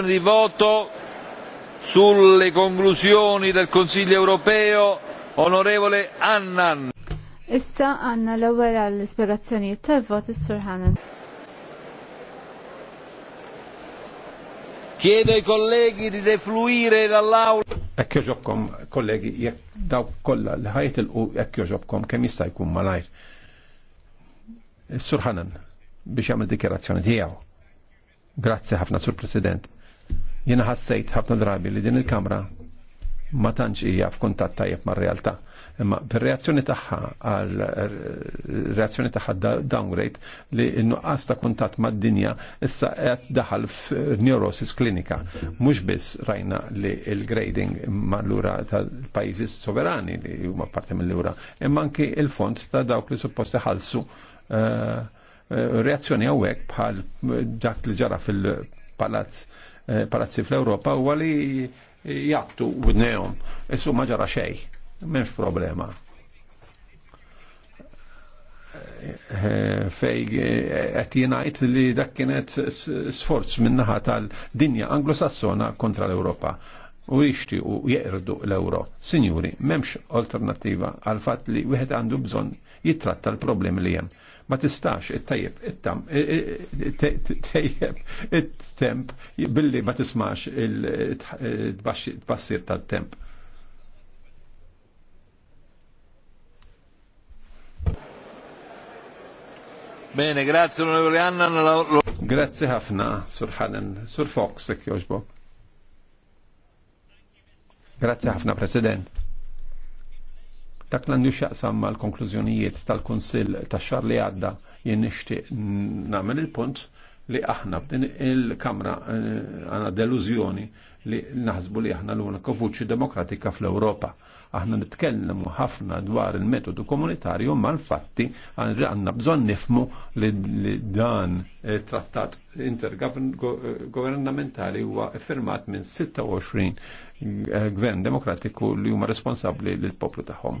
di voto sulle conclusioni del Consiglio europeo, onorevole Annan. Issa għanna l-ewwel għall-ispjegazzjonijiet tal-vot is-Sur Hanan. Chiedo ai colleghi di defluire dall'aula. Ekk joġobkom, kollegi, jek daw kolla l ħajt il-qu ekk joġobkom kemm jista' jkun malajr. Is-Sur biex jagħmel dikjerazzjoni tiegħu. Grazie ħafna, Sur President. Jena ħassejt ħafna drabi li din il-kamra ma tantx hija f'kuntatt tajjeb mar-realtà. Imma per reazzjoni tagħha għal reazzjoni tagħha downgrade li n-nuqqas ta' kuntatt mad-dinja issa qed daħal f'neurosis klinika. Mhux biss rajna li l-grading mal-lura tal-pajjiżi soverani li huma parti mill-lura, imma anki il-fond ta' dawk li supposti ħalsu eh, eh, reazzjoni għawek bħal dak li ġara fil-palazz Eh, palazzi fl-Europa u għali jattu u d-neum. Issu maġara xej, menx problema. Eh, fej eh, qed jenajt li dak kienet sforz minnaħa tal-dinja anglosassona kontra l-Ewropa u u jeqrdu l-euro. Signori, memx alternativa għal fatt li wieħed għandu bżonn jitratta l-problemi li hemm ma tistax it-tajjeb it-tam it-temp billi ma tismax il-tbassir tal-temp. Bene, grazie onorevole Anna. Grazie ħafna, Sur Hanen, Sur Fox, jek Grazie ħafna, President. Dak l-għandu xaqsam ma l-konklużjonijiet tal-Konsil ta' xar li għadda jien nixtieq nagħmel il-punt li aħna f'din il-Kamra eh, għandna deluzjoni li naħsbu li aħna l-unika vuċi demokratika fl-Ewropa aħna nitkellmu ħafna dwar il-metodu komunitarju ma l-fatti għanna bżon nifmu li dan eh, trattat intergovernamentali huwa firmat minn 26 eh, gvern demokratiku li huma responsabbli lill poplu tagħhom.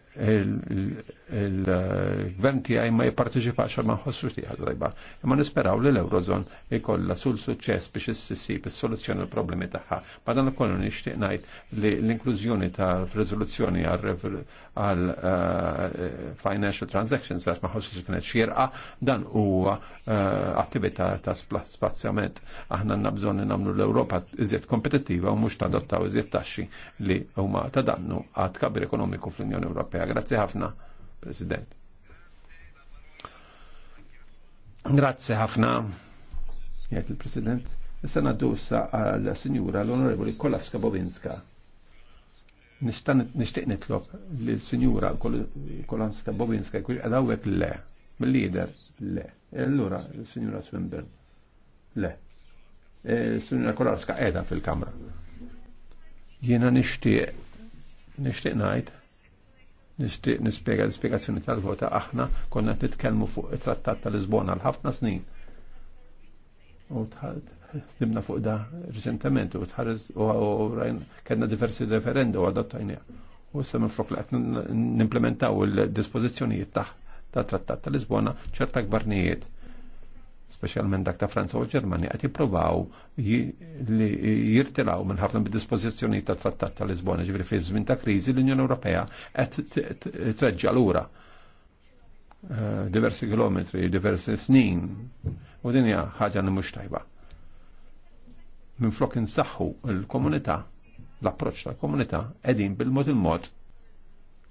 il-gvern tiegħi ma jipparteċipax ma nħossu tiegħu dajba. Imma nisperaw li l-Eurozon ikollha sul suċċess biex ississib is-soluzzjoni l-problemi tagħha. Ma dan ukoll nixtieq ngħid li l-inklużjoni ta' riżoluzzjoni għal eh, financial transactions għax ma ħossux kienet xierqa dan huwa eh, attività ta' spazzjament. Aħna għandna bżonn nagħmlu l-Ewropa iżjed kompetittiva u mhux tadottaw iżjed taxxi li huma ta' dannu għad kabir ekonomiku fl-Unjoni Ewropea. Grazzi ħafna, President. Grazzi ħafna, jgħet il-President. Issa naddu issa għal-Sinjura l-Onorevoli Kolaska Bobinska. Nishtiq nitlob li l-Sinjura Kolaska Bobinska jkun għadawek le, mill-lider le. Allura l-Sinjura Swinburne le. Il-Signora e, Kolaska edha fil-kamra. Jiena nishtiq, nishtiq najt nixtieq nispega l spiegazzjoni tal-vota aħna konna qed nitkellmu fuq it-Trattat tal-Lisbona għal ħafna snin. U tħadimna fuq da riċentement u tħares u kellna diversi referendu u adottajniha. U issa minflok li qed nimplementaw il-dispożizzjonijiet ta' tat-Trattat tal-Lisbona ċerta gbarnijiet specialment dak ta' Franza u Ġermanja, għati provaw li jirtilaw minn ħafna bid-dispozizjoni ta' trattat ta' Lisbona, ġifri fi żmien ta' kriżi l-Unjoni Ewropea qed treġġa' lura eh, diversi kilometri, diversi snin, u din hija ħaġa li mhux tajba. Minn flok insaħħu l-komunità, l-approċċ tal-komunità qegħdin bil-mod il-mod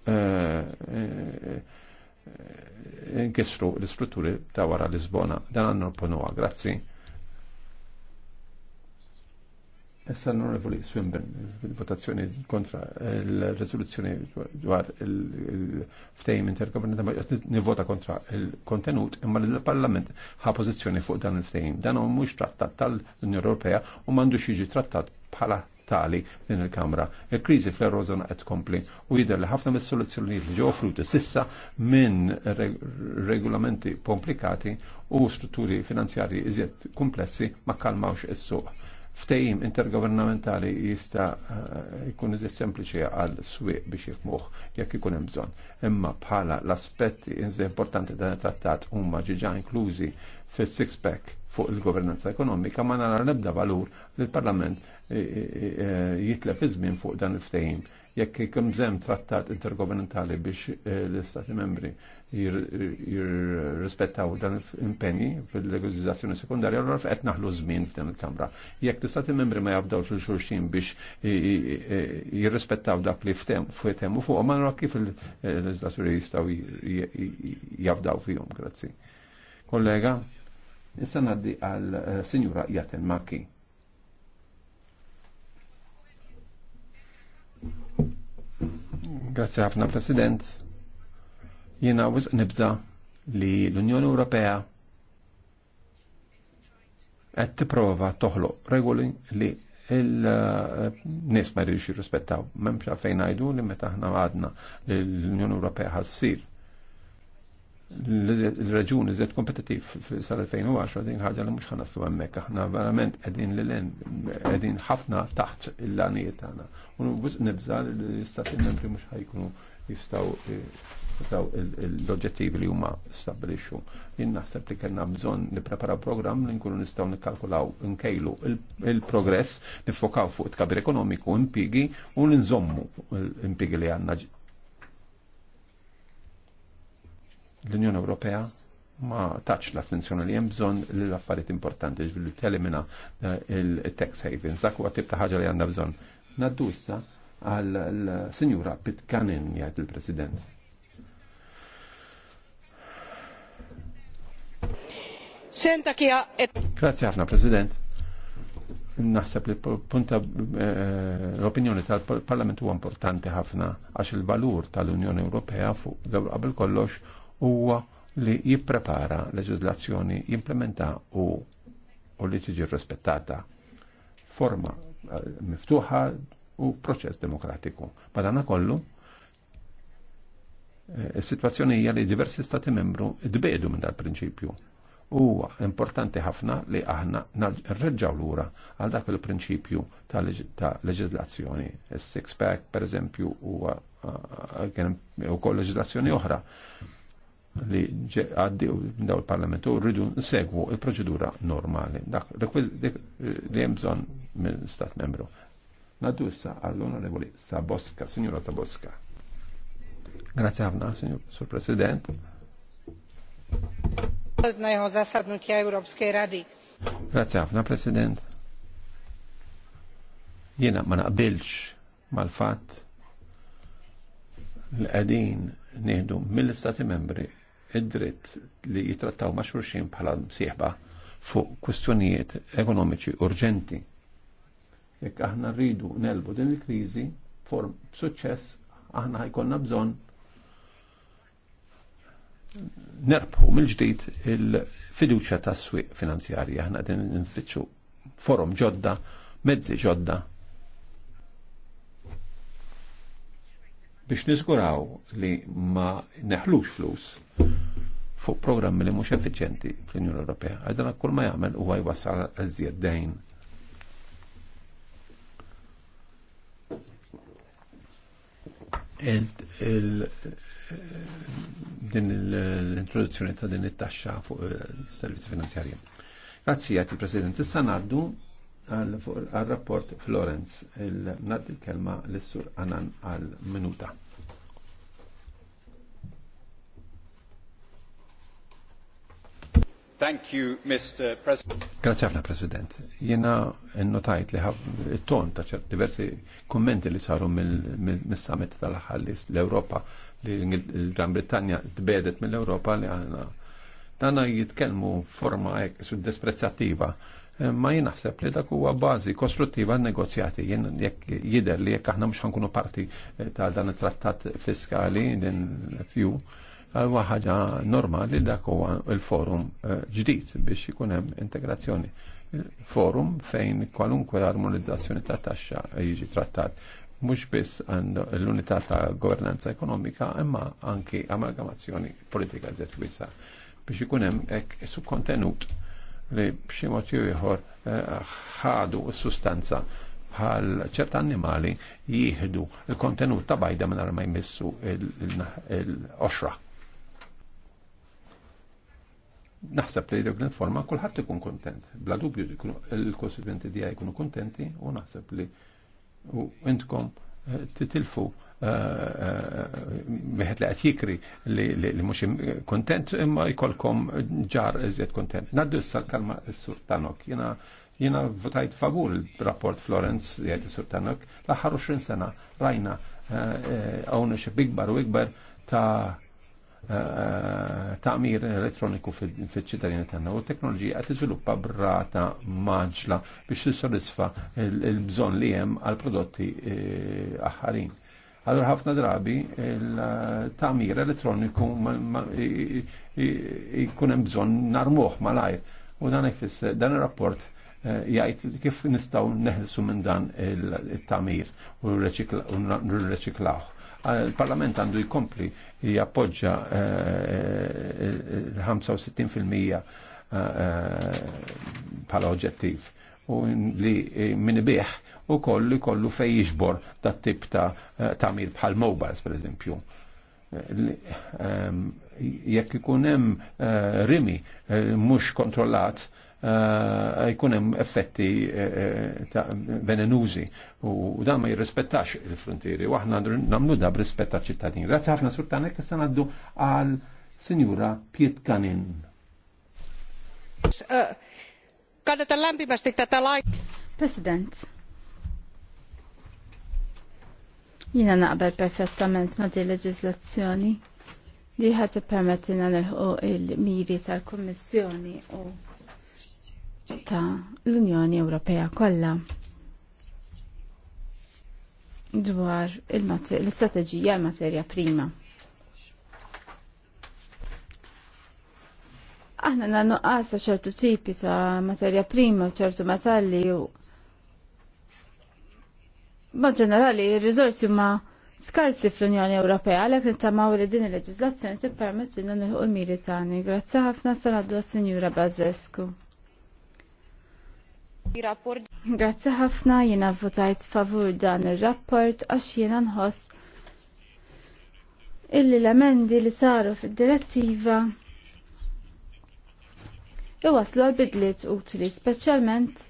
eh, eh, Eh, nkissru l-istrutturi ta' wara Lisbona. Dan għannu ponuwa, grazzi. Essa l-onorevoli Swinburne, votazzjoni kontra l resoluzzjoni dwar il-ftejm intergovernamental, ma nivota kontra il-kontenut, imma l-Parlament ħa pożizzjoni fuq dan il-ftejm. Dan mhux trattat tal-Unjoni Ewropea u m'għandux jiġi trattat bħala tali din il-Kamra. Il-kriżi fl-Eurozona qed tkompli u jidher li ħafna mis-soluzzjonijiet li ġew offruti sissa minn regolamenti komplikati u strutturi finanzjarji iżjed komplessi ma kalmawx is-suq ftejim intergovernamentali jista eh, jkun iżjed sempliċi għal swieq biex jifmuħ jekk ikun hemm bżonn. Imma bħala l-aspetti iżjed importanti dan it-trattat huma ġiġa inklużi fis six pack fuq il-governanza ekonomika ma nara l-ebda valur li l-Parlament E, jitlef iż-żmien fuq dan il-ftehim. Jekk kem zem trattat intergovernentali biex e, l-Istati membri jirrispettaw dan l-impenji fil legalizzazzjoni sekundarja, allora qed naħlu żmien f'dan il-Kamra. Jekk l-Istati membri ma jabdaw il xulxin biex e, jirrispettaw dak li u fuq, ma nara kif il-legislaturi jistgħu jabdaw fihom, grazzi. Kollega, issa ngħaddi għal Sinjura Jaten Maki. Grazie ħafna President. Jiena wisq nibza li l-Unjoni Ewropea qed tipprova toħloq regoli li il-nies ma jridux jirrispettaw. M'hemmx fejn ngħidu li meta aħna għadna l-Unjoni Ewropea ħassir l-raġuni zed kompetitiv sal-2010 din ħagġa li mux ħanaslu għemmek, aħna verament edin l-len, edin ħafna taħt il-lanijiet għana. Unu nibza l-istati membri mux ħajkunu jistaw eh, l-oġġettivi li huma stabilixu. Jien naħseb li kellna bżonn nippreparaw programm li nkunu nistgħu nikkalkulaw nkejlu il-progress, nifokaw fuq it-kabir ekonomiku impigi u nżommu l-impigi li għandna l-Unjoni Ewropea ma taċ l-attenzjoni li hemm bżonn l affarijiet importanti ġvillu telimina eh, il-tax havens, dak huwa tip ta' ħaġa li għandha bżonn. Naddu issa għal-Sinjura Pitkanin jgħid il-President. Senta kija et... Grazie ħafna, President. Naħseb li punta eh, l-opinjoni tal-Parlament huwa importanti ħafna għax il-valur tal-Unjoni Ewropea fuq qabel kollox huwa li jipprepara leġislazzjoni jimplementa u u li tiġi rispettata forma eh, miftuħa u proċess demokratiku. Madana kollu, eh, Is-sitwazzjoni hija li diversi stati membru dbedu minn dal-prinċipju. Huwa importanti ħafna li aħna nreġġaw lura għal dak il-prinċipju ta' leġislazzjoni. il six pack, per eżempju, u, eh, kien leġislazzjoni oħra li għaddi u daw il parlamentu rridu nsegwu il-proċedura normali. Dak, dik eh, li jemżon minn stat membru. Naddu issa għall-onorevoli Saboska, signora Saboska. Grazie għavna, signor Sur President. Grazie għavna, President. Jena ma naqbilx mal fat l-qegħdin nieħdu mill-Istati membri id-dritt li jitrattaw ma' xurxin bħala msieħba fuq kustjonijiet ekonomiċi urġenti. Jekk aħna rridu nelbu din il-kriżi form b'suċċess aħna ħajkonna bżonn nerbħu mill-ġdid il-fiduċja tas-swieq finanzjarji aħna qegħdin nfittxu forum ġodda, mezzi ġodda biex nizguraw li ma neħlux flus fuq programmi li mhux effiċenti fl-Unjoni Ewropea. Għadna kull ma jagħmel huwa jwassal għażjed dejn. din l-introduzzjoni ta' din it-taxxa fuq il-servizzi eh, finanzjarji. Grazzi għati President, issa ngħaddu għal-rapport Florence, il il kelma l-sur Anan għal-minuta. Thank you, Mr. President. Grazie ħafna, President. Jena notajt li ton ta' ċert diversi kommenti li saru mill-summit tal-ħallis l-Europa li l-Gran Britannia tbedet mill-Europa li għana. Dana jitkelmu forma ek su desprezzativa ma jinaħseb li dak huwa bażi kostruttiva negozjati jien jekk jidher li jekk aħna mhux ħankunu parti eh, ta' dan it-trattat fiskali din few huwa ħaġa normali dak huwa l-forum eh, ġdid biex ikun hemm integrazzjoni forum fejn kwalunkwe armonizzazzjoni ta' taxxa jiġi trattat mhux biss għand l-unità ta' governanza ekonomika imma anki amalgamazzjoni politika żed wiesa biex ikun hemm hekk su kontenut li b'xi mod ieħor eh, ħadu s-sustanza bħal ċert annimali jieħdu il-kontenut ta' bajda minn ma jmissu l-oxra. Naħseb li dik l-informa kulħadd ikun kontent. Bla dubju il-konsekventi di jkunu kontenti u naħseb li u intkom eh, titilfu meħet li għat jikri li mux kontent imma jkolkom ġar iżjed kontent. Naddu s-kalma s-surtanok, Jina, jena votajt favur il-rapport Florence li għajti s-surtanok, laħar 20 sena rajna eh, eh, ownership ikbar u ikbar ta' eh, ta' mir elektroniku fil-ċittadini tanna u t-teknoloġija qed iżviluppa brata maġla biex tissodisfa il bżon li jem għal prodotti aħħarin Għallur ħafna drabi il-tamir elettroniku jkun hemm bżonn narmuh malajr. U dan ifisser dan ir-rapport eh, jgħid kif nistgħu neħlsu minn dan il-tamir u nirreċiklaw. Eh, Il-Parlament għandu jkompli jappoġġa eh, il-65% bħala oġġettiv u li biħ u kollu kollu fej jiġbor dat tip ta' eh, tamir bħal mobiles, per eżempju. Eh, ehm, jekk ikun hemm eh, rimi mhux kontrollat, jkun hemm effetti ta' venenużi u dan ma jirrispettax il-frontieri u aħna nagħmlu da b'rispett ċittadin. Grazzi ħafna surtanek issa ngħaddu għal Sinjura Pietkanin. Kannatan President, Jina naqbel perfettament ma di leġizlazzjoni li ħat permettina nilħu il-miri tal-Kommissjoni u ta' l-Unjoni Ewropea kollha dwar l-istrateġija l-materja prima. Aħna nannu ta' ċertu tipi ta' materja prima u ċertu matalli u ma ġenerali il-rizorsi ma skarsi fl-Unjoni Ewropea għalhekk nittamaw li din il-leġiżlazzjoni tippermettilna nilħu l-miri tagħni. Grazzi ħafna sanaddu għas senjura Bażescu. Grazzi ħafna jiena votajt favur dan ir-rapport għax jiena nħoss illi l-amendi li saru fid-direttiva iwaslu għal bidliet utli, speċjalment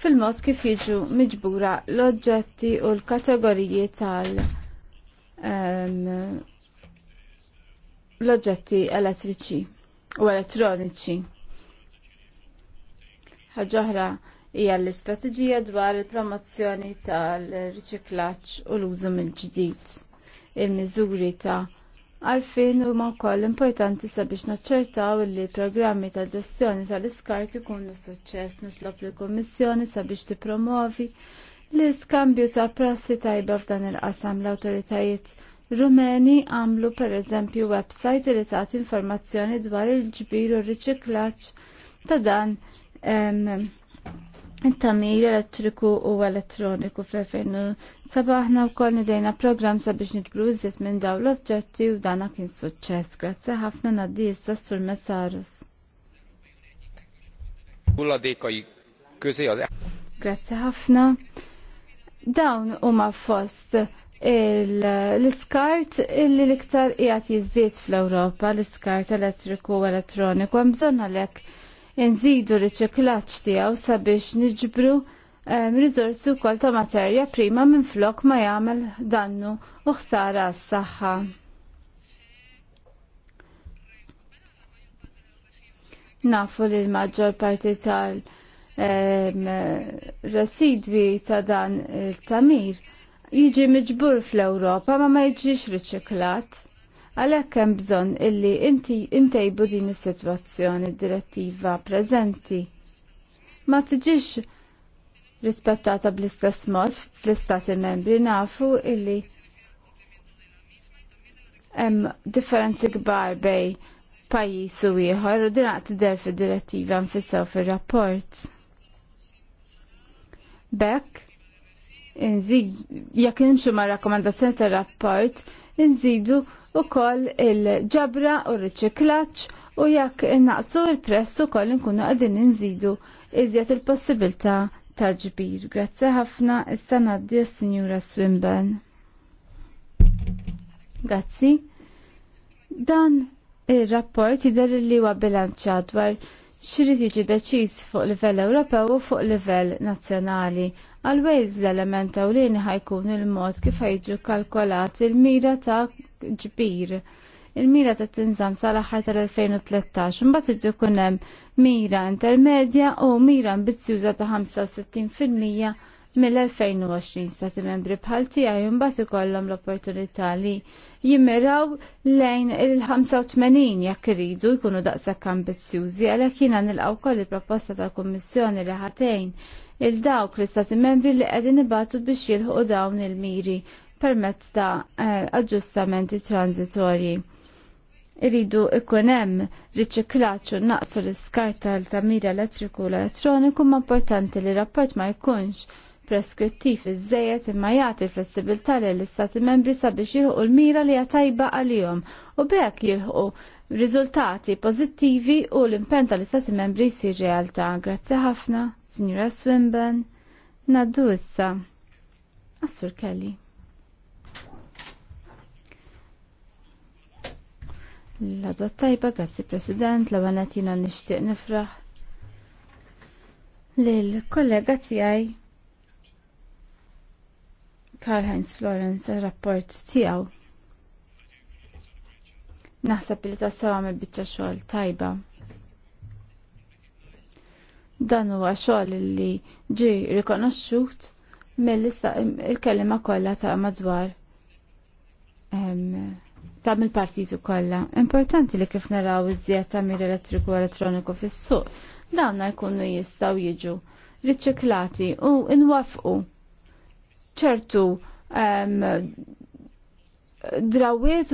fil-mod kif jiġu miġbura l-oġġetti u l-kategoriji tal- l-oġġetti elettriċi u elettroniċi. Ħaġoħra hija l-istrateġija dwar il-promozzjoni tal-riċiklaġġ u l-użu mill-ġdid. Il-miżuri ta' għalfejn huma wkoll importanti sabiex naċċertaw li programmi ta' ġestjoni tal-iskart ikunu suċċess nitlob lill kummissjoni sabiex tippromovi l-iskambju ta' prassi tajba f'dan il-qasam l-awtoritajiet Rumeni għamlu pereżempju website li tagħti informazzjoni dwar il-ġbir u r riċiklaġġ ta' dan tamir elettriku u elettroniku fl-2007 aħna wkoll nidejna programm sabiex nitbru iżjed minn dawn l-oġġetti u dana kien suċċess. Grazzi ħafna ngħaddi issa sur Messarus. Grazzi ħafna. Dawn huma fost l-iskart li l-iktar qiegħed jiżdied fl-Ewropa, l-iskart elettriku u elettroniku hemm bżonn għalhekk nżidu riċiklaġġ tiegħu sabiex niġbru riżorsi wkoll ta' materja prima minn flok ma jagħmel dannu u ħsara għas-saħħa. Nafu li l-maġġor parti tal- residwi ta' dan il-tamir jiġi miġbur fl-Europa ma ma jiġix riċiklat. Għalhekk hemm bżonn illi intejbu din is-sitwazzjoni d-direttiva preżenti ma tiġix rispettata bl-istess mod fl-istati membri nafu illi hemm differenzi kbar bej pajjiż u ieħor u dinaq tidher fid-direttiva nfissew fir-rapport. Bekk jekk nimxu ma' rakkomandazzjoni tar-rapport, nżidu wkoll il-ġabra u r-riċiklaġġ u jekk innaqsu l press ukoll inkunu qegħdin inżidu iżjed il-possibilità ta' ġbir. Grazzi ħafna issa ngħaddi s-Sinjura Swinburne. Grazzi. Dan ir-rapport jidher li huwa bilanċat dwar x'irid jiġi deċiż fuq livell Ewropew u fuq livell nazzjonali Għalwejz l-element ewlieni ħajkun il-mod kif ħajġu kalkolat il-mira ta' ġbir. Il-mira ta' tinżam sal-aħħar tal-2013 mbagħad irid kunem hemm mira intermedja u mira ambizzjuża ta' 65% mill-2020 stati membri bħal tiegħi mbagħad ikollhom l-opportunità li jimmiraw lejn il-85 jekk iridu jkunu daqshekk ambizzjużi għalhekk jiena nilqgħu wkoll il-proposta tal-Kummissjoni li ħatejn il-dawk l-istati membri li qegħdin ibatu biex jilħu dawn il-miri permezz ta' eh, aġġustamenti transitorji Iridu ikun hemm riċiklaċċju naqsu l iskarta tal-tamir elettriku u elettroniku ma' importanti li rapport ma jkunx preskrittiv iż imma jagħti flessibilità lill istati membri sabiex jilħu l-mira li hija tajba għalihom u b'hekk jilħu riżultati pożittivi u l-impenn tal-istati membri jsir realtà. Grazzi ħafna, Sinjura Swinburne. Naddu issa. Assur Kelly. L-għadwa tajba, grazzi President, l-għanatina nishtiq nifraħ. Lil kollega tijaj Karl-Heinz Florence rapport tiegħu. Naħseb li ta' sewa me bieċa xogħol tajba. Dan huwa xogħol li ġi rikonoxxut mill il il-kellima kollha ta' madwar ta' mill-partiti kollha. Importanti li kif naraw iż-żjed ta' mir elettriku elettroniku fis-suq dawna jkunu jistgħu jiġu riċiklati u nwaffqu ċertu drawiet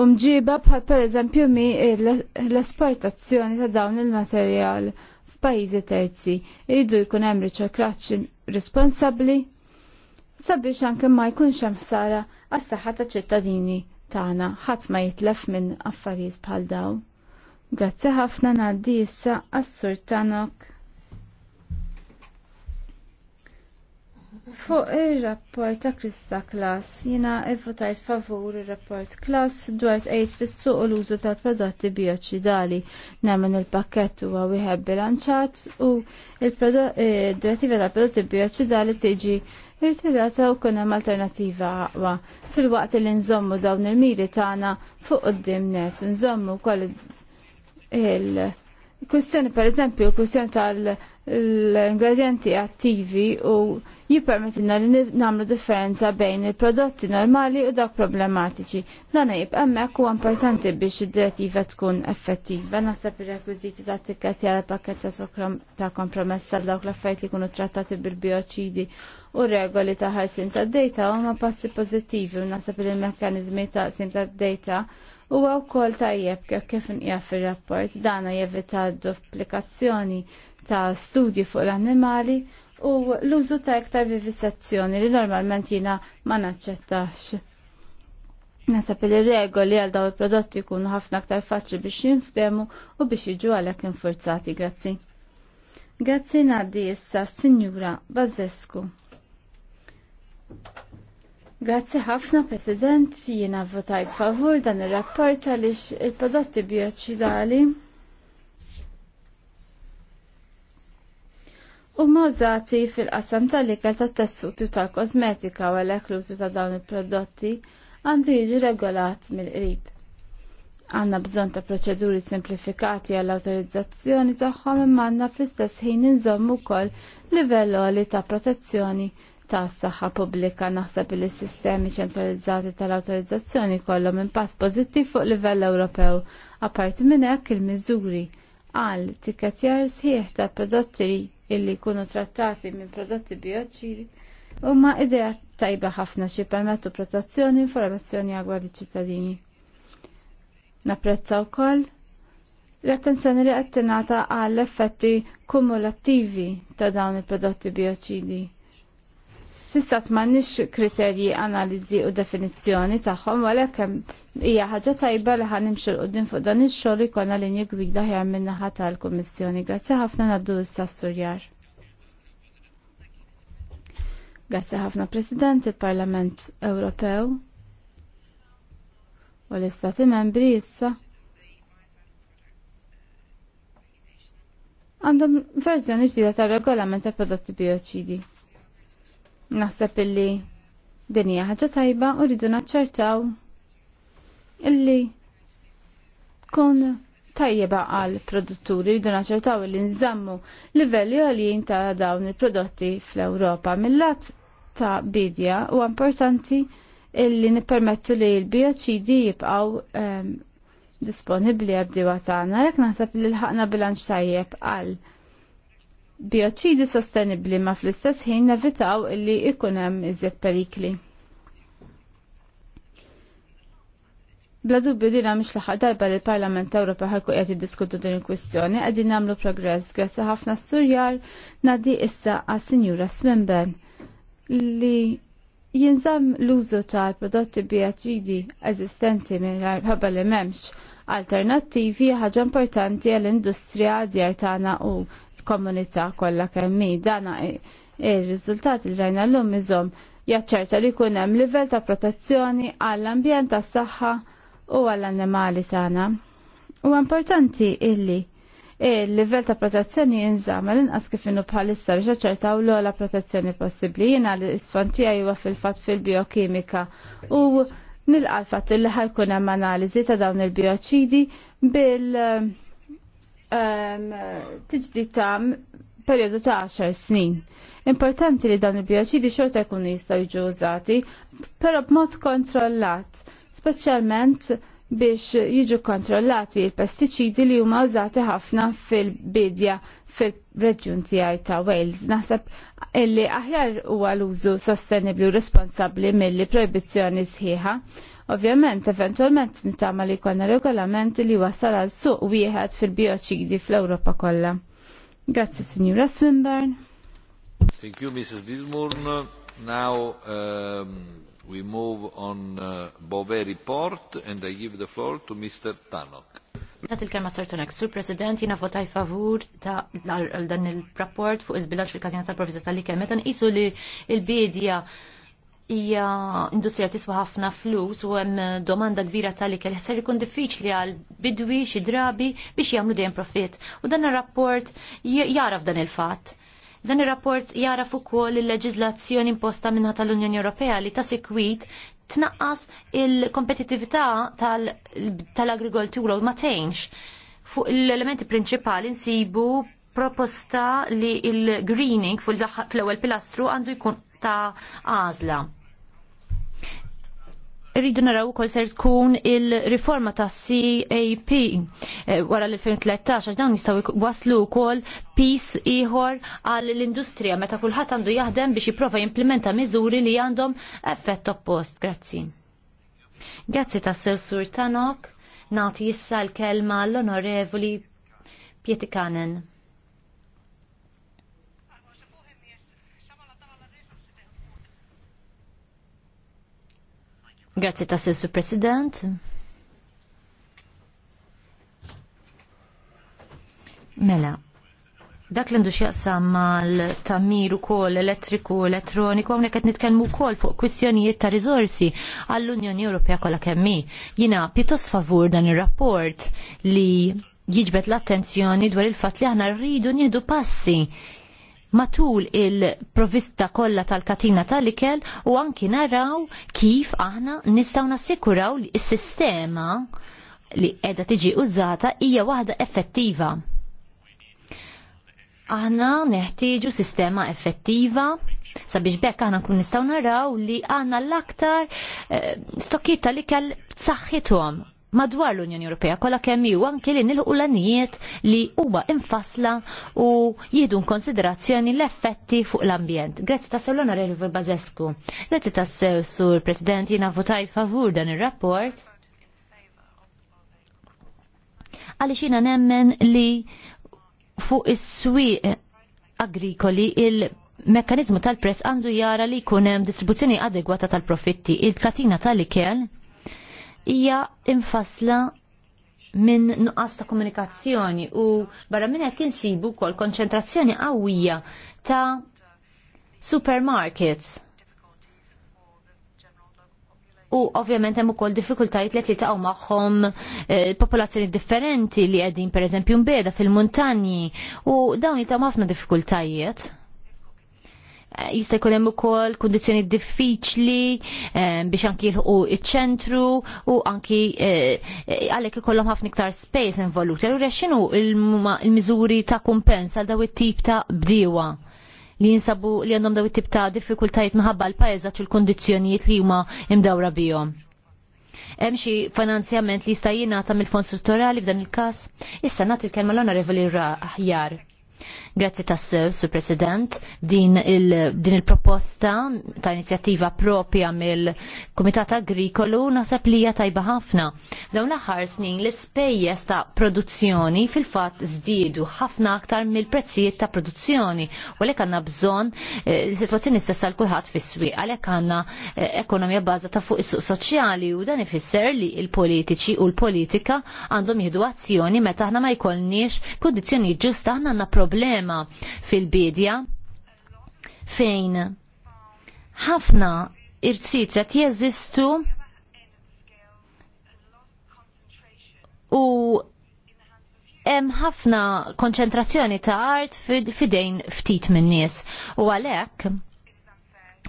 u mġiba bħal per eżempju mi l-esportazzjoni ta' dawn il-materjal f'pajjiżi terzi. Iridu jkun hemm riċerkraċ responsabbli sabiex anke ma jkunx hemm ħsara għas-saħħa ta' ċittadini tagħna ħadd ma jitlef minn affarijiet bħal dawn. Grazzi ħafna ngħaddi issa għas-Sur Tanok. Fuq il-rapport ta' Krista Klas, jina votajt favur il-rapport Klas dwar tqejt fis-suq u l-użu tal-prodotti bioċidali. Nemmen il-pakket huwa wieħed bilanċat u il-direttiva eh, tal-prodotti bioċidali tiġi irtirata u kun hemm alternattiva għaqwa. Fil-waqt li nżommu dawn il-miri tagħna fuq qudiem net, nżommu wkoll il- Kustjoni per eżempju, kustjoni tal-ingredienti attivi u jipermetina li namlu differenza bejn il-prodotti normali u dak problematiċi. Dan jib hemmhekk huwa importanti biex id-direttiva tkun effettiva. Naħseb ir-rekwiżiti ta' tikket għal pakket ta' kompromessa tal dawk l-affarijiet li jkunu trattati bil-bioċidi u regoli ta' ħarsin tad-dejta huma passi pożittivi u naħseb il l-mekkaniżmi ta' sim tad-dejta u għaw kol tajjeb kif nqjaf il rapport dana jevita d-duplikazzjoni ta' studji fuq l-annimali u l-użu ta' iktar vivisazzjoni li normalment jina ma naċċettax. Nasab li regoli għal daw il-prodotti jkunu ħafna aktar faċli biex jinfdemu u biex jiġu għalek infurzati, grazzi. Grazzi naddi issa, signura Bazzesku. Grazzi ħafna, President, jiena votajt favur dan ir-rapport għaliex il-prodotti bioċidali u mażati fil-qasam tal-ikel tat-tessuti tal-kosmetika u l ekluzi ta' dawn il-prodotti għandu jiġi regolat mill-qrib. Għanna bżon ta' proċeduri simplifikati għall autorizzazzjoni tagħhom imma għandna fl-istess ħin inżommu wkoll livell ta' protezzjoni ta' saħħa pubblika naħseb li s-sistemi ċentralizzati tal-autorizzazzjoni kollhom impass pożittiv fuq livell Ewropew. Apparti minn hekk il-miżuri għal tikketjar sħiħ ta' prodotti illi jkunu trattati minn prodotti bioċili huma idea tajba ħafna xi permettu protezzjoni u informazzjoni għagwar iċ-ċittadini. Napprezza wkoll l-attenzjoni li qed tingħata għall effetti kumulattivi ta' dawn il-prodotti bioċidi Sissa m'għandniex kriterji analiżi u definizzjoni tagħhom għalhekk hemm hija ħaġa tajba li ħan imxil u din fuq dan ix-xogħol jkollna linji gwida ħjar min-naħa tal-Kummissjoni. Grazzi ħafna ngħaddu issa Surjar. Grazzi ħafna President il-Parlament Ewropew u l-Istati Membri issa. għandhom verżjoni ġdida tar regolament ta' prodotti bioċidi. Naħseb illi din hija ħaġa tajba u rridu naċċertaw illi tkun tajjeba għal produtturi rridu naċċertaw illi nżammu livelli għalijin ta' dawn il-prodotti fl-Europa. Mill-lat ta' bidja u importanti illi nippermettu li l-bioċidi jibqaw um, disponibli għabdiwa tagħna jekk naħseb li l-ħakna bilanċ tajjeb għal bioċidi sostenibli ma fl-istess ħin nevitaw li ikunem iżjed perikli. Bla dubju dina mhix l darba li l-Parlament Ewropa ħakku qed jiddiskutu din il-kwistjoni qegħdin nagħmlu progress grazzi ħafna s-Surjar naddi issa għas Sinjura Swinburn li jinżamm l-użu tal-prodotti bioċidi eżistenti minħabba li m'hemmx alternattivi ħaġa importanti għall-industrija djar tagħna u komunità kollha kemm dana ir-riżultat li rajna llum iżhom jaċċerta li jkun hemm livell ta' protezzjoni għall-ambjent tas-saħħa u għall-annimali tagħna. U importanti illi il-livell ta' protezzjoni jinżamm l-inqas kif inhu bħalissa biex jaċċertaw l-ogħla protezzjoni possibbli. Jiena l-isfantija huwa fil-fatt fil-biokimika u nilqa' l-fatt li ħajkun hemm analiżi ta' dawn il-bioċidi bil- Um, tiġdi tam periodu ta' 10 snin. Importanti li dan il-bioċidi xorta jkunu jistgħu jiġu użati, però b'mod kontrollat, speċjalment biex jiġu kontrollati il-pestiċidi li huma użati ħafna fil-bidja fil-reġjun tiegħi ta' Wales. Naħseb illi aħjar huwa l-użu sostenibli u responsabbli mill-proibizzjoni sħiħa Ovvjament, eventualment nittama li konna regolament li wasal għal suq wieħed fil-bioċidi fl-Ewropa kollha. Grazie, Signora Swinburne. Thank you, Mrs. Dismurn. Now um, we move on uh, Bove report and I give the floor to Mr. Tanok. Għat il-kelma sartonek, sur President, jina votaj favur ta' dan il-rapport fuq izbilanċ fil-katina tal-provizja tal-li kemmetan isu li il-bidja il bidja hija industrija tiswa ħafna flus u hemm domanda kbira tal-ikel ħser ikun diffiċli għal bidwi xi drabi biex jagħmlu dejjem profit. U dan ir-rapport jaraf dan il-fatt. Dan ir-rapport jaraf ukoll il-leġiżlazzjoni imposta minnha tal-Unjoni Ewropea li ta' sikwit tnaqqas il-kompetitività tal-agrikoltura u ma tgħinx. Fuq l-elementi prinċipali nsibu proposta li il-greening fl-ewwel pilastru għandu jkun ta' għażla. Rridu naraw ukoll ser tkun il-riforma ta' CAP eh, wara l-2013 għax dawn jistgħu waslu wkoll pis ieħor għal l-industrija meta kulħadd għandu jaħdem biex jipprova jimplementa miżuri li għandhom effett oppost. Grazzi. Grazzi tas-sew sur Tanok, nagħti issa l-kelma l-Onorevoli Pietikanen. Grazzi ta' sessu President. Mela, dak l-indu xjaqsam mal-tamir u kol elettriku, elettroniku, għamne għet nitkelmu kol fuq kwistjonijiet ta' rizorsi għall-Unjoni Ewropea kolla kemmi. Jina, pjuttos favur dan il-rapport li jiġbet l-attenzjoni dwar il-fat li aħna rridu nieħdu passi matul il-provista kollha tal-katina tal-ikel u anki naraw kif aħna nistgħu nassikuraw li s-sistema li qiegħda tiġi użata hija waħda effettiva. Aħna neħtieġu sistema effettiva sabiex bekk aħna nkun nistgħu naraw li għandna l-aktar eh, stokkiet tal-ikel b'saħħithom madwar l-Unjoni Ewropea kollha kemm hu anke li nilħu l-anijiet li huma infasla u jieħdu konsiderazzjoni l-effetti fuq l-ambjent. Grazzi tas sew l-Onorevoli Bazescu. Grazzi tas sew sur President jiena votajt favur dan ir-rapport. Għaliex jiena nemmen li fuq is-swieq agrikoli il- Mekkanizmu tal-press għandu jara li jkun hemm distribuzzjoni adegwata tal-profitti. Il-katina tal-ikel hija infasla minn nuqqas ta' komunikazzjoni u barra minn hekk insibu wkoll konċentrazzjoni qawwija ta' supermarkets. U ovvjament hemm ukoll diffikultajiet li jiltaqgħu magħhom eh, popolazzjoni differenti li qegħdin pereżempju mbeda fil-muntanji u dawn jitgħu ħafna diffikultajiet jista' jkun hemm ukoll kundizzjoni diffiċli eh, biex anki jilħu iċ-ċentru u anki eh, eh, għalhekk ikollhom ħafna iktar space involuti. Allura x'inhu l-miżuri ta' kumpens għal daw it-tip ta' bdiewa? li jinsabu li għandhom daw it-tip ta' diffikultajiet minħabba l pajjeż għax il kundizzjonijiet li huma imdawra bihom. Hemm xi finanzjament li jista' jingħata mill-fond strutturali f'dan il-każ? Issa nagħti l-kelma l-Onorevoli Aħjar. Grazzi tassew, Sur President, din il-proposta il ta' inizjattiva propja mill-Kumitat Agrikolu naħseb li hija tajba ħafna. Dawn l-aħħar snin l-ispejjeż ta' produzzjoni fil-fatt żdiedu ħafna aktar mill-prezzijiet ta' produzzjoni u għalhekk għandna bżonn eh, sitwazzjoni stessa l kulħadd fis-swieq għalhekk għandna eh, ekonomija bażata fuq is-suq soċjali u dan ifisser li l-politiċi u l-politika għandhom jieħdu azzjoni meta aħna ma jkollniex kundizzjoni ġusta aħna għandna problema fil-bidja fejn ħafna irtsit qed jeżistu u hemm ħafna konċentrazzjoni ta' art fidejn ftit minn nies u għalhekk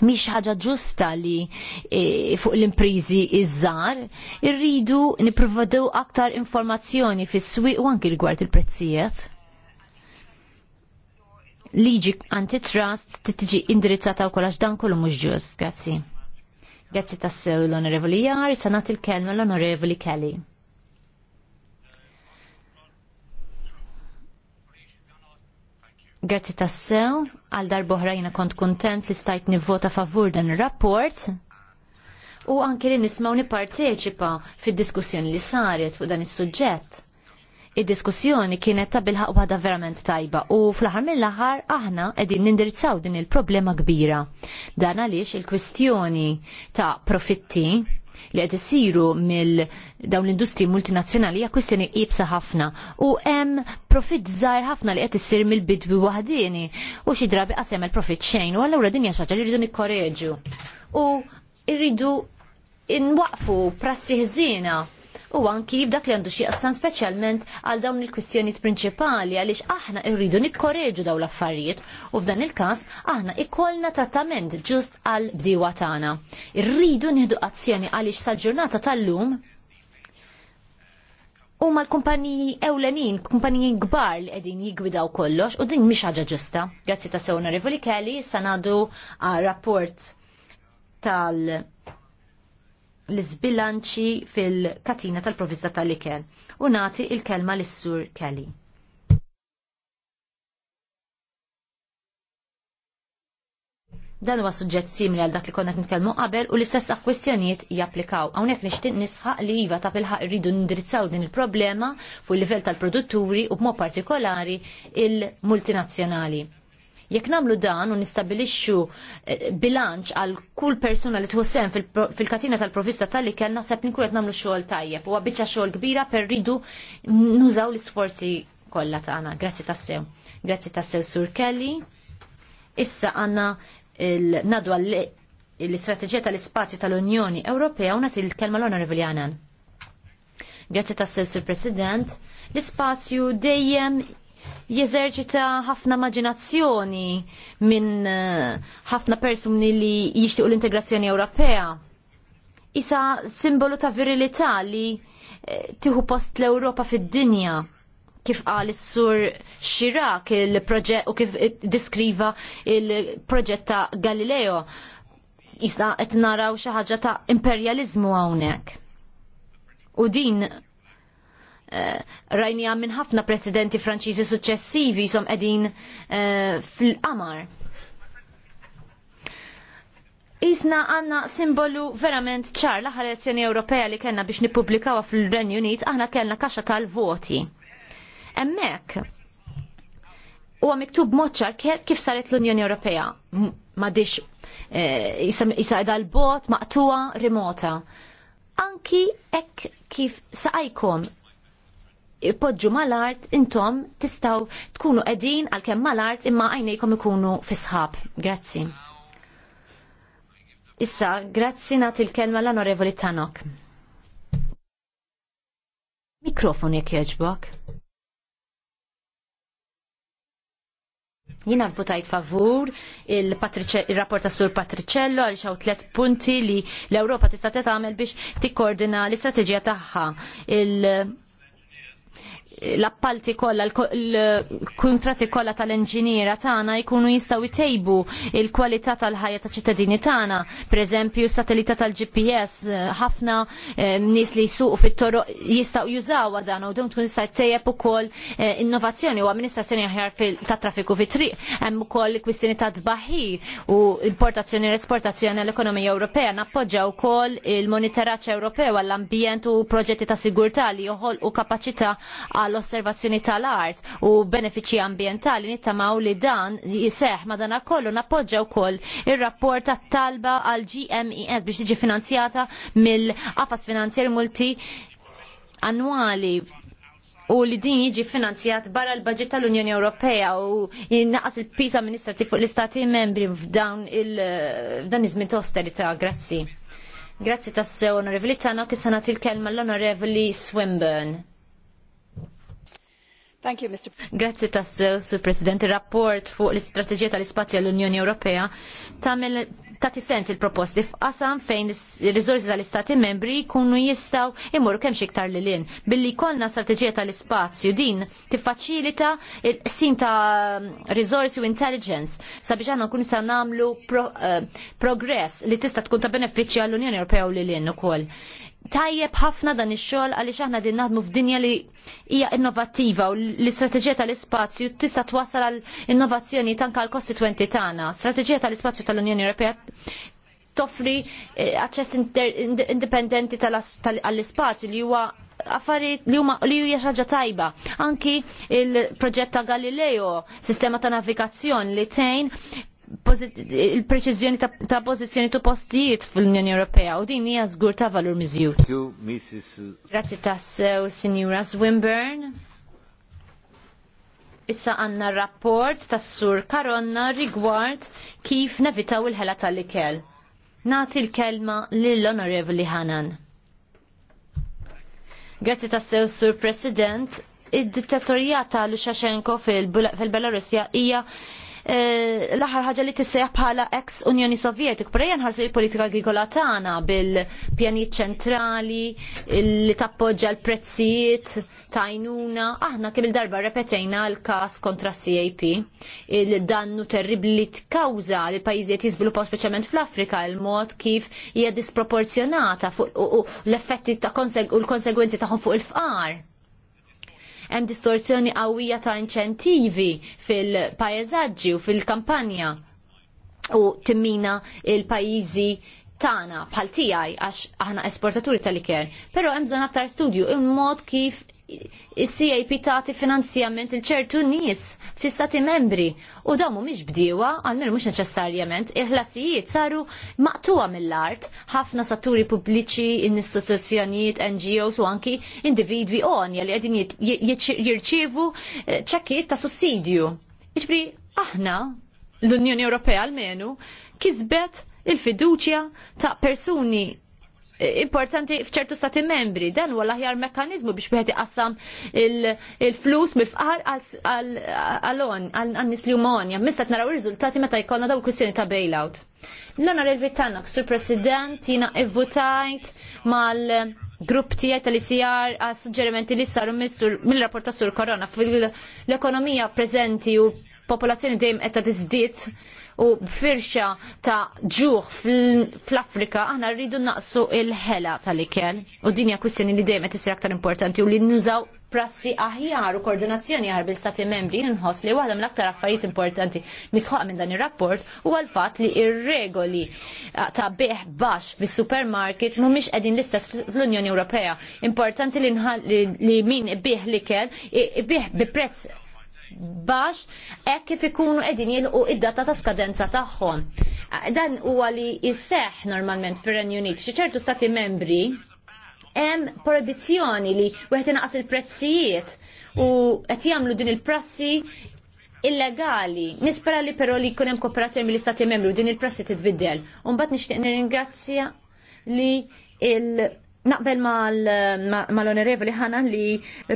miex ħaġa ġusta li e, fuq l-imprizi iż-żar, irridu niprovadu aktar informazzjoni fis-swieq u anki rigward il-prezzijiet liġi antitrust titiġi indirizzata wkoll għax dan kollu mhux ġust. Grazzi. Grazzi tassew l-Onorevoli Jar, sanat il-kelma l-Onorevoli Kelly. Grazzi tassew, għal darboħra jina kont kontent li stajt nivvota favur dan il-rapport u anke li nismaw niparteċipa fid diskussjoni li saret fuq dan is-suġġett. Id-diskussjoni kienet ta' bilħaq waħda verament tajba u fl-aħħar mill-aħħar aħna qegħdin nindirizzaw din il-problema kbira. Dan għaliex il-kwistjoni ta' profitti li qed isiru mill dawn l-industri multinazzjonali hija kwistjoni qibsa ħafna u hemm profitt żgħar ħafna li qed issir mill-bidwi waħdini u xi drabi qasem il profitt xejn u allura din hija xi ħaġa li rridu nikkoreġu. U rridu inwaqfu prassi ħżiena u anki dak li għandu xi qassan speċjalment għal dawn il-kwistjonijiet prinċipali għaliex aħna rridu nikkoreġu dawn l-affarijiet u f'dan il-każ aħna ikollna trattament ġust għal bdiwa tagħna. Irridu nieħdu azzjoni għaliex sal-ġurnata tal-lum u l kumpaniji ewlenin, kumpaniji gbar li għedin jigwidaw kollox u din mish ħaġa ġusta. Grazzi ta' sewna Rivoli Kelly, sanadu rapport tal- l-sbilanċi fil-katina tal provvista tal-ikel u nati il-kelma l-sur Kelly. dan huwa suġġett simili għal dak li konna nitkellmu qabel u l-istess kwistjonijiet japplikaw. Hawnhekk nixtieq nisħaq li iva ta' bilħaq irridu nindirizzaw din il-problema fuq il livell tal-produtturi u b'mod partikolari il-multinazzjonali. Jekk nagħmlu dan u nistabilixxu eh, bilanċ għal kull persuna li tħossem fil-katina tal-provista tal-ikel naħseb li qed nagħmlu xogħol tajjeb u biċċa xogħol kbira per ridu nużaw l-isforzi kollha tagħna. Grazzi tassew. Grazzi tassew Sur Kelly. Issa għandna il-nadwa l-istrateġija tal-ispazju tal-Unjoni Ewropea u nagħti l-kelma l-Onorevoli Anan. Grazzi tas-Sur President l-ispazju dejjem jeżerċita ħafna maġinazzjoni minn eh, ħafna persuni li jixtiqu l-integrazzjoni Ewropea. Isa simbolu ta' virilità li eh, tiħu post l-Ewropa fid-dinja kif qal is-sur Xirak il-proġett u kif diskriva il-proġett ta' Galileo. Isna qed naraw xi ħaġa ta' imperjaliżmu hawnhekk. U din Eh, rajnija minn ħafna presidenti Franċiżi suċċessivi som qegħdin eh, fil-qamar. Isna għanna simbolu verament ċar l-aħħar elezzjoni Ewropea li kellna biex nippubblikawha fil-Renju Unit aħna kellna kaxxa tal-voti. Hemmhekk huwa miktub moċar kif saret l-Unjoni Ewropea m'għadix jisa eh, l-bot maqtuwa remota. Anki ek kif saqajkom ipoġġu mal-art intom tistaw tkunu edin għal-kem mal-art imma għajnejkom ikunu fisħab. Grazzi. Issa, grazzi nat il-kelma l-onorevoli Tanok. Mikrofon jek jieġbok. Jina votajt favur il-rapport il tas Sur Patricello għal xaw tlet punti li l-Europa tista' tagħmel biex tikkoordina l-istrateġija tagħha. Il- l-appalti kollha l-kuntratti kollha tal-inġiniera tagħna jkunu jistgħu jtejbu il-kwalità tal-ħajja ta' ċittadini tagħna. Pereżempju s-satellita tal-GPS eh, ħafna eh, nies li jsuqu fit-toroq jistgħu jużawha dan u dum tkun jista' u ukoll eh, innovazzjoni u amministrazzjoni aħjar ta' traffiku fit-triq. Hemm ukoll kwistjoni ta' dbaħi u importazzjoni u esportazzjoni l-ekonomija Ewropea nappoġġa wkoll il-monitoraġġ Ewropew għall-ambjent u proġetti ta' sigurtà li joħolqu kapaċità għall-osservazzjoni tal-art u benefiċċji ambjentali nittamaw li dan jiseħ madana kollu nappoġġa wkoll ir-rapport tat-talba għal GMES biex tiġi finanzjata mill-qafas finanzjer multi annwali u li din jiġi finanzjat barra l-budget tal-Unjoni Ewropea u jinnaqas il-pisa amministrativ fuq l-istati membri f'dawn il-dan iż-żmien ta' austerità. Grazzi. Grazzi tassew, onorevoli Tano, kissa nagħti l-kelma l-onorevoli Swinburne. Thank you, Mr. Grazzi tassew, Sur President. Il-rapport fuq l-istrateġija tal-ispazju għall-Unjoni Ewropea tagħmel tagħti sens il-proposti f'qasam fejn il riżorsi tal-Istati membri jkunu jistgħu imur kemm xiktar lil in. Billi jkollna strateġija tal-ispazju din tiffaċilita il sin ta' riżorsi u intelligence sabiex aħna nkun nistgħu nagħmlu eh, progress li tista' tkun ta' benefiċċja għall-Unjoni Ewropea u lil in ukoll tajjeb ħafna dan ix-xogħol għaliex aħna din naħdmu f'dinja li hija innovattiva u l-istrateġija tal-ispazju tista' twassal għal innovazzjoni tanka għal kostitwenti tagħna. Strateġija tal-ispazju tal-Unjoni Ewropea toffri eh, aċċess indipendenti għall-ispazju li huwa affarijiet li huma li hija xaġa tajba. Anki il-proġett ta' Galileo, sistema ta' navigazzjoni li tejn il-preċiżjoni ta' pożizzjoni tu postijiet fl-Unjoni Ewropea u din hija żgur ta' valur miżjud. Grazzi tassew, Sinjura Swinburne. Issa għanna rapport tas sur Karonna rigward kif nevitaw il-ħela tal-ikel. Nati l-kelma lill-Onorevoli Hanan. Grazzi tassew, Sur President. Id-dittatorija ta' Lushenko fil-Belarusja hija Eh, l-aħħar ħaġa li tissejja bħala ex Unjoni Sovjetik, però nħarsu l-politika agrikola tagħna bil-pjanijiet ċentrali li tappoġġa l-prezzijiet tajnuna, aħna kemm il-darba repetejna l-każ kontra CAP, il-dannu terribli tkawża li pajjiżiet jiżviluppaw speċjalment fl-Afrika il-mod kif hija disproporzjonata fuq l-effetti ta' u l-konsegwenzi tagħhom fuq il-fqar hemm distorsjoni qawwija ta' inċentivi fil-pajjeżaġġi u fil-kampanja u timmina il-pajjiżi tagħna bħal tiegħi għax aħna esportaturi tal-iker. Però hemm bżonn aktar studju il-mod kif il cap tagħti finanzjament il ċertu nies fi stati membri u dawn mhumiex bdiewa, għalmenu mhux neċessarjament, il-ħlasijiet saru maqtuwa mill-art ħafna satturi pubbliċi, istituzzjonijiet, NGOs u anki individwi onja li qegħdin jirċievu eh, ċekkiet ta' sussidju. Iġbri, aħna, l-Unjoni Ewropea l-menu kisbet il-fiduċja ta' persuni importanti fċertu stati membri. Dan huwa l-aħjar mekkaniżmu biex wieħed iqassam il-flus mill-fqar għal-on, għal-nis li umon. Jammissa naraw il riżultati meta jkollna daw kwistjoni ta' bailout. l il Tannock, sur President, jina evvutajt mal- grupp tijaj tal-ICR għal suġġerimenti li saru mill-rapport ta' sur korona fil-ekonomija preżenti u popolazzjoni dejjem qed tiżdied u b'firxa ta' ġuħ fl-Afrika aħna rridu naqsu il-ħela tal-ikel u dinja kwistjoni li dejjem qed isir aktar importanti u li nużaw prassi aħjar u koordinazzjoni aħjar bil-stati membri nħoss li waħda mill-aktar affarijiet importanti misħoq minn dan ir-rapport u għal-fatt li ir-regoli ta' beħ baxx fis supermarkets mhumiex qegħdin l-istess fl-Unjoni Ewropea. Importanti li, li min ibih li ikel bih bi prezz Bax hekk kif ikunu qegħdin jilqu id-data ta' skadenza tagħhom. Dan huwa li jisseħ normalment fir-Renju Unit xieċertu stati membri hemm proibizzjoni li wieħed inaqas il-prezzijiet u qed jagħmlu din il-prassi illegali. Nispera li però li jkun hemm kooperazzjoni mill-istati membri u din il-prassi titbiddel. U mbagħad nixtieq nirringrazzja li il- Naqbel mal-onorevoli ħanan li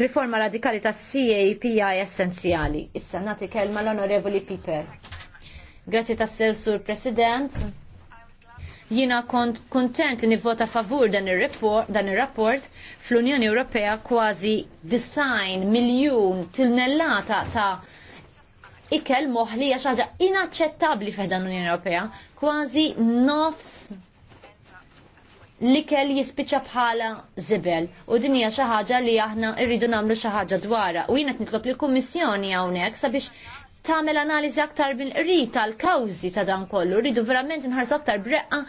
riforma radikali ta' CAP essenzjali. Issa nati kelma l-onorevoli Piper. Grazie ta' sew sur President. Jina kont kontent li nivvota favur dan il-rapport fl-Unjoni Ewropea kważi design miljun tilnellata ta' ikel moħli xaġa inaċċettabbli f'dan l-Unjoni Ewropea, kważi nofs l-ikel jispiċċa bħala zibel u din hija xi ħaġa li aħna rridu nagħmlu xi ħaġa dwarha u qed nitlob li kummissjoni hawnhekk sabiex tagħmel analiżi aktar bil-qrib tal-kawżi ta' dan kollu, rridu verament nħarsu aktar breqqa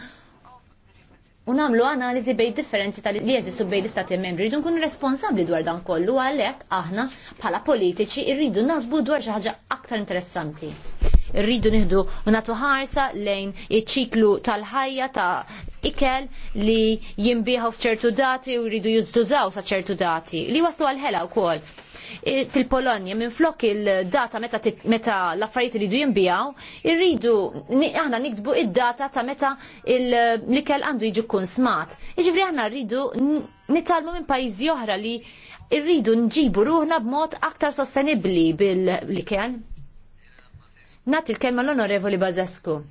u namlu analizi bej differenzi tal li jeżistu bej l-istati membri rridu nkunu responsabli dwar dan kollu għalhekk aħna bħala politiċi rridu nasbu dwar xi ħaġa aktar interessanti. Irridu nieħdu u nagħtu ħarsa lejn iċ-ċiklu tal-ħajja ta' ikel li jimbiħaw fċertu dati u jridu jizdużaw sa ċertu dati li waslu għal-ħela u kol. Fil-Polonja minn flok il-data meta, l-affarijiet jridu jimbiħaw, jridu, aħna nikdbu id-data ta' meta l-ikel għandu jġu kun smat. Iġifri aħna rridu nitalmu minn pajjiżi oħra li irridu nġibu ruħna b'mod aktar sostenibli bil-likel. Nati l-kelma l-onorevoli Bazesku.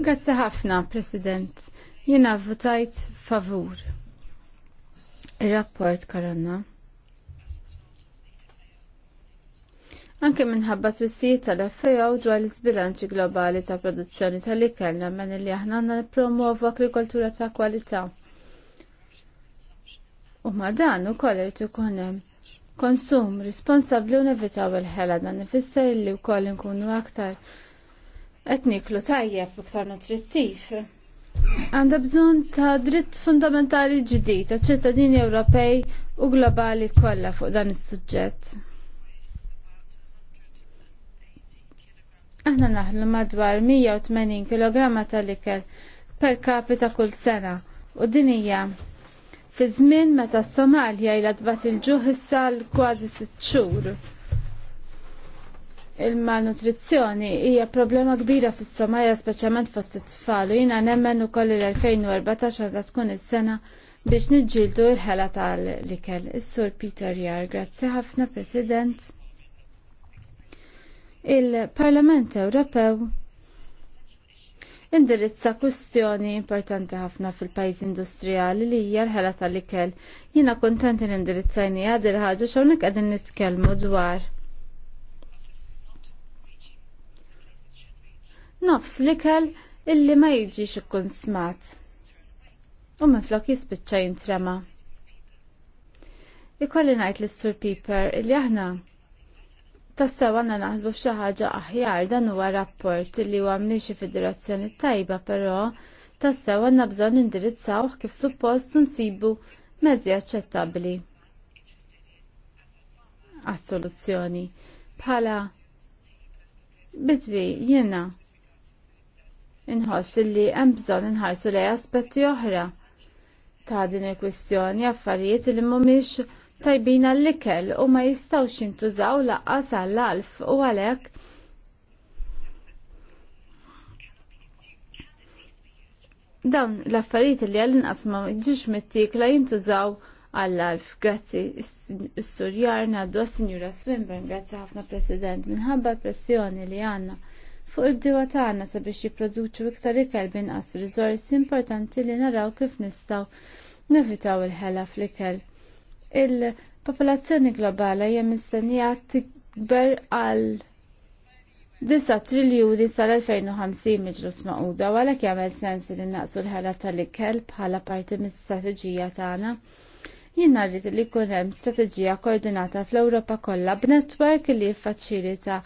Grazzi ħafna, President. Jena votajt favur. Il-rapport karanna. Anke minħabba twissijiet tal-FAO dwar l-isbilanċi globali ta' produzzjoni tal-ikel nemmen li aħna nippromuovu agrikoltura ta' kwalità. U ma dan ukoll irid ikun hemm konsum responsabbli u nevitaw il-ħela dan ifisser li wkoll nkunu aktar qed niklu tajjeb iktar nutrittiv. Għandha bżonn ta' dritt fundamentali ġdid ta' ċittadini Ewropej u globali kollha fuq dan is-suġġett. Aħna naħlu madwar 180 kg tal-ikel per kapita kull sena u din hija fi żmien meta s-Somalja ilha tbagħt il-ġuħ issa l kważi sitt xhur il-malnutrizzjoni hija problema kbira fis-Somalja speċjalment fost it-tfal u jiena nemmen ukoll l-2014 ta' tkun is-sena biex niġġieldu l-ħela tal-ikel. Is-Sur Peter Jar, grazzi ħafna President. Il-Parlament Ewropew indirizza kwistjoni importanti ħafna fil-pajjiż industrijali li hija l-ħela tal-ikel. Jiena kuntenti li indirizzajni għad ħaġa x'hawnhekk qegħdin nitkellmu dwar nofs l-ikel illi ma jiġix ikkun smat. U minn flok jispiċċa jintrema. Ikolli ngħid lis sur Piper illi aħna Tassaw għanna naħsbu f'xi ħaġa aħjar dan huwa rapport illi huwa mniexi fid-direzzjoni tajba però tassaw għanna bżonn indirizzawh kif suppost nsibu mezzi aċċettabbli għas-soluzzjoni. Bħala bidwi jiena inħoss li hemm bżonn inħarsu lej aspetti oħra ta' din il-kwistjoni affarijiet li mhumiex tajbin għall-ikel u ma jistgħux jintużaw laqqas għall-alf u għalhekk dawn l-affarijiet li għall-inqas ma ġiġ mittikla jintużaw għall-alf. Grazzi, s-surjar naddu għas-Sinjura Swinburne, grazzi ħafna President, minħabba pressjoni li għanna fuq il diwa tagħna sabiex jipproduċu iktar ikel binqas riżorsi importanti li naraw kif nistgħu nevitaw il-ħela fl-ikel. Il-popolazzjoni globali hija mistennija tikber għal 9 triljuni sal-2050 miġrus maquda għalhekk jagħmel sens li naqsu l-ħela tal-ikel bħala parti mis-strateġija tagħna Jien rrit li kun hemm strateġija koordinata fl-Ewropa kollha b'netwerk li jiffaċilita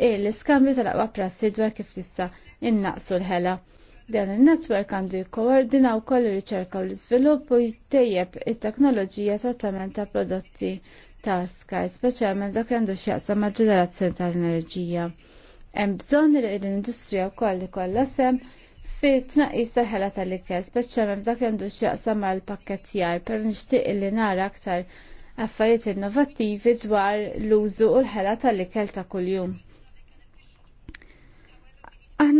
l-iskambju tal-aqwa prassi dwar kif tista' innaqsu l-ħela. Dan il-netwerk għandu jikkoordina koll il riċerka u l-iżvilupp u jittejjeb it-teknoloġija trattament ta' prodotti ta' Sky, speċjalment dak għandu x'jaqsam ma' ġenerazzjoni tal-enerġija. Hemm bżonn li l-industrija wkoll ikollha sem fi tnaqqis ta' ħela tal-ikel, speċjalment dak għandu x'jaqsam mal pakkettjar per nixtieq li nara aktar affarijiet innovattivi dwar l-użu u l-ħela tal-ikel ta' kuljum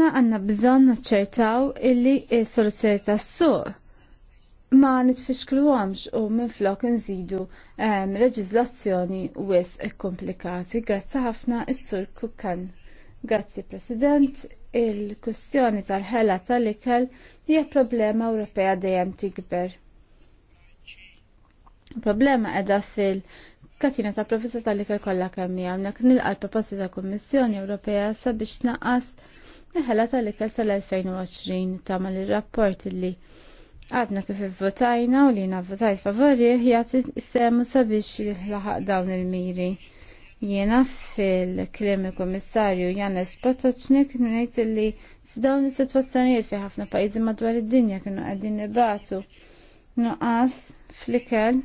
aħna għanna bżon naċċertaw illi s-soluzzjoni tas-suq ma nitfixklu għamx u minn flok nżidu ehm, leġizlazzjoni wis komplikati. Grazzi ħafna is-sur Kukan. Grazzi President, il-kustjoni tal-ħela tal-ikel hija problema Ewropea dejjem tikber. Problema edha fil- katina ta' professa tal ikel kollha kemm hija hawnhekk nilqa' l-proposta ta' Kummissjoni Ewropea sabiex naqqas Neħela tal-ikel tal-2020 tamal il-rapport li għadna kif votajna u li votajt favori jgħati semu sabiex laħaq dawn il-miri. Jiena fil-klimi komissarju Janes Potoċnik ngħid li f'dawn is-sitwazzjonijiet fi ħafna pajjiżi madwar id-dinja kienu qegħdin nibatu nuqqas fl-ikel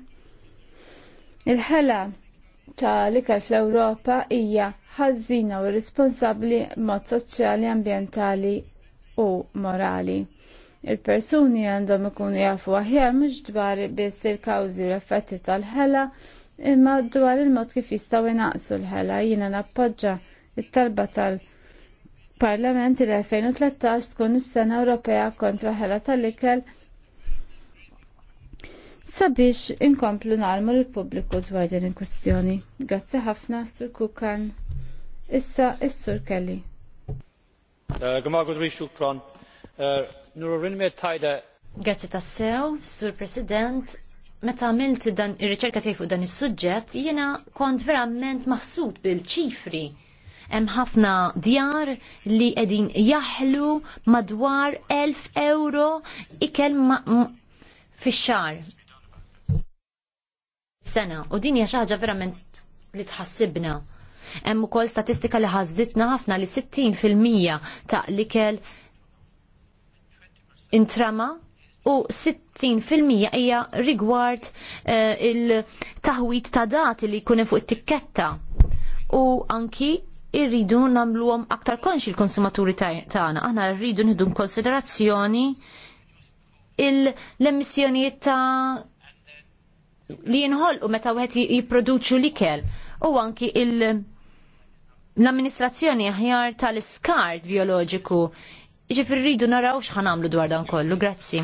il-ħela ta' l-ikel fl-Ewropa hija ħażina u responsabbli mod soċjali, ambjentali u morali. Il-persuni għandhom ikunu jafu aħjar mhux dwar biss il-kawżi u l-effetti tal-ħela, imma dwar il-mod kif jistgħu jnaqsu l-ħela jiena nappoġġa it-talba tal-Parlament il-2013 tkun is-Sena Ewropea kontra ħela tal-ikel sabiex inkomplu nalmu l-pubbliku dwar din il-kwestjoni. Grazzi ħafna, Sur Kukan. Issa, Is-Sur Kelly. Eh, eh, Grazzi tassew, Sur President. Meta għamilt dan ir-riċerka tiegħi fuq dan is-suġġett, jiena kont verament maħsud bil-ċifri hemm ħafna djar li qegħdin jaħlu madwar 1000 euro ikel fix-xar sena u din hija xi ħaġa verament li tħassibna. Hemm ukoll statistika li ħażditna ħafna li 60% fil-mija ta' likel intrama u 60% hija rigward uh, il-taħwit ta' dati li jkun fuq it-tikketta u anki irridu nagħmluhom aktar konxi l-konsumaturi tagħna. Aħna rridu nħidu konsiderazzjoni l-emissjonijiet ta' li jinħolqu meta wieħed jipproduċu l-ikel u anki il- l-amministrazzjoni aħjar tal skart bioloġiku. Ġifir rridu naraw xħanamlu dwar dan kollu, grazzi.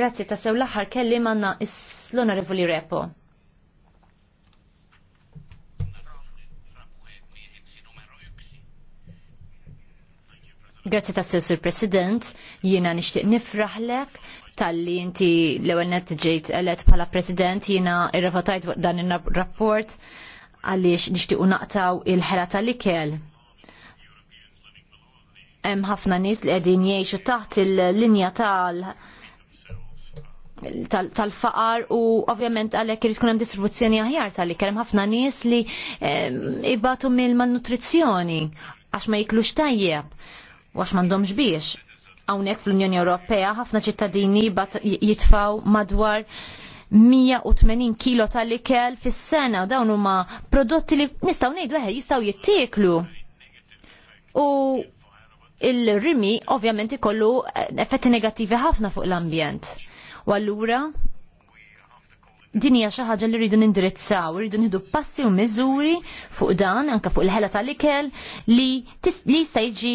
Grazzi, ta' sew l-axar kelli manna is l-onorevoli repo. Grazzi ta' Sur President, jiena nixtieq nifraħlek tal-li inti l-ewwel net ġejt elett bħala President jiena irrevotajt dan ir-rapport għaliex nixtiequ naqtaw il-ħela tal-ikel. Hemm ħafna nies li qegħdin jgħixu taħt il-linja tal- tal-faqar u ovvjament għalhekk irid tkun hemm distribuzzjoni aħjar tal-ikel hemm ħafna nies li ehm, ibatu mill-malnutrizzjoni għax ma jiklux tajjeb għax mandomx biex. Hawnhekk fl-Unjoni Ewropea ħafna ċittadini bat jitfaw madwar 180 kilo tal-ikel fis-sena u dawn huma prodotti li nistgħu ngħidu eħe jistgħu jittieklu. U il-rimi ovvjament ikollu eh, effetti negattivi ħafna fuq l-ambjent. U allura din hija xi ħaġa li rridu nindirizzaw, rridu nieħdu passi u miżuri fuq dan anke fuq il-ħela tal-ikel li jista' jiġi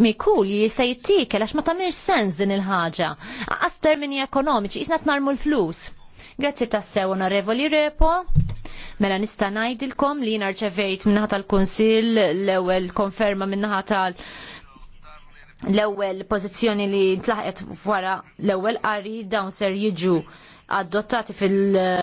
mikul jista' jittik għax ma tamirx sens din il-ħaġa. Għas termini ekonomiċi jisna narmu l-flus. Grazzi tassew onorevoli Repo. Mela nista' ngħidilkom li jien rċevejt minnaħa tal-Kunsill l-ewwel konferma minnaħa tal- l-ewwel pożizzjoni li tlaħqet wara l-ewwel qari dawn ser jiġu adottati fil-